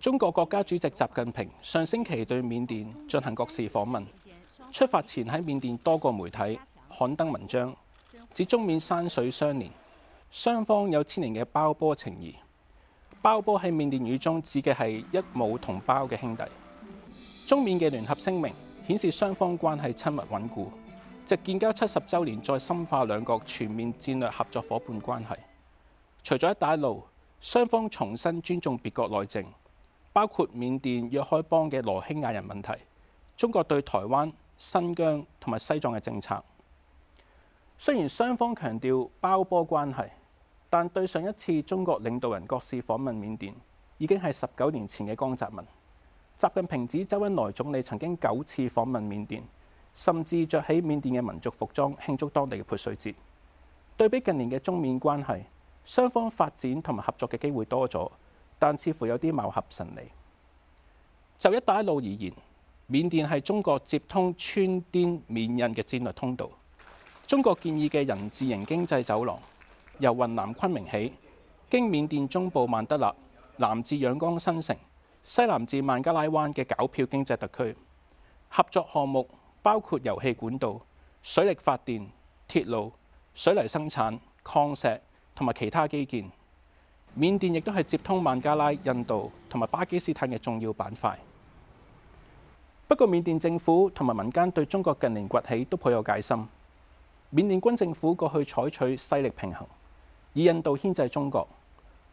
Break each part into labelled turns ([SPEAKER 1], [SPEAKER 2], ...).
[SPEAKER 1] 中國國家主席習近平上星期對緬甸進行國事訪問，出發前喺緬甸多個媒體刊登文章，指中緬山水相連，雙方有千年嘅胞波情誼。胞波喺緬甸語中指嘅係一母同胞嘅兄弟。中緬嘅聯合聲明顯示雙方關係親密穩固，藉建交七十周年再深化兩國全面戰略合作夥伴關係。除咗一帶一路，雙方重新尊重別國內政。包括緬甸若開邦嘅羅興亞人問題，中國對台灣、新疆同埋西藏嘅政策，雖然雙方強調胞波關係，但對上一次中國領導人國事訪問緬甸已經係十九年前嘅江澤民。習近平指周恩來總理曾經九次訪問緬甸，甚至着起緬甸嘅民族服裝慶祝當地嘅潑水節。對比近年嘅中緬關係，雙方發展同埋合作嘅機會多咗。但似乎有啲貌合神離。就一帶一路而言，緬甸係中國接通川滇緬印嘅戰略通道。中國建議嘅人字形經濟走廊，由雲南昆明起，經緬甸中部曼德勒，南至仰光新城，西南至孟加拉灣嘅皎漂經濟特區。合作項目包括油氣管道、水力發電、鐵路、水泥生產、礦石同埋其他基建。緬甸亦都係接通孟加拉、印度同埋巴基斯坦嘅重要板塊。不過，緬甸政府同埋民間對中國近年崛起都抱有戒心。緬甸軍政府過去採取勢力平衡，以印度牽制中國。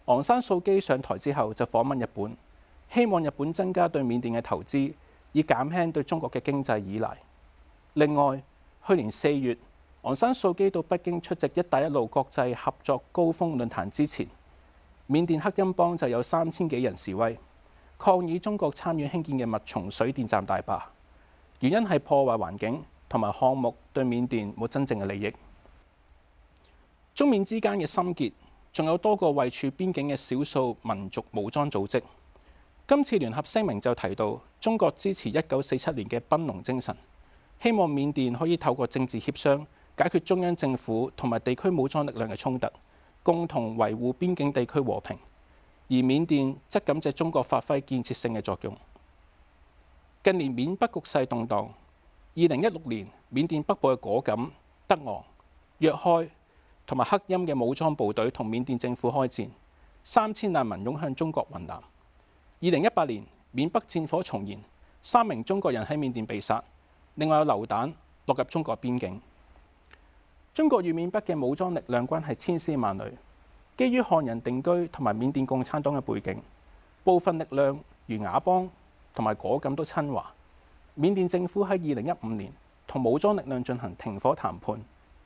[SPEAKER 1] 昂山素姬上台之後就訪問日本，希望日本增加對緬甸嘅投資，以減輕對中國嘅經濟依賴。另外，去年四月，昂山素姬到北京出席一帶一路國際合作高峰論壇之前，緬甸克欽邦就有三千幾人示威，抗議中國參與興建嘅密松水電站大壩，原因係破壞環境同埋項目對緬甸冇真正嘅利益。中緬之間嘅心結，仲有多個位處邊境嘅少數民族武裝組織。今次聯合聲明就提到，中國支持一九四七年嘅彬龍精神，希望緬甸可以透過政治協商解決中央政府同埋地區武裝力量嘅衝突。共同維護邊境地區和平，而緬甸則感謝中國發揮建設性嘅作用。近年緬北局勢動盪，二零一六年緬甸北部嘅果敢、德昂、若開同埋克欽嘅武裝部隊同緬甸政府開戰，三千難民湧向中國雲南。二零一八年緬北戰火重燃，三名中國人喺緬甸被殺，另外有榴彈落入中國邊境。中國與緬北嘅武裝力量關係千絲萬縷，基於漢人定居同埋緬甸共產黨嘅背景，部分力量如佤邦同埋果敢都親華。緬甸政府喺二零一五年同武裝力量進行停火談判，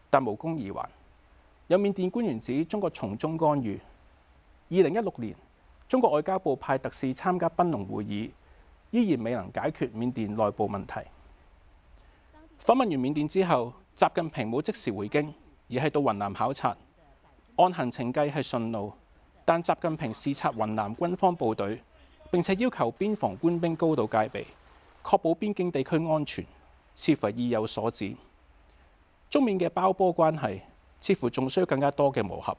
[SPEAKER 1] 但無功而還。有緬甸官員指中國從中干預。二零一六年，中國外交部派特使參加彬龍會議，依然未能解決緬甸內部問題。訪問完緬甸之後，習近平冇即時回京，而係到雲南考察。按行程計係順路，但習近平視察雲南軍方部隊，並且要求邊防官兵高度戒備，確保邊境地區安全，似乎意有所指。中緬嘅胞波關係，似乎仲需要更加多嘅磨合。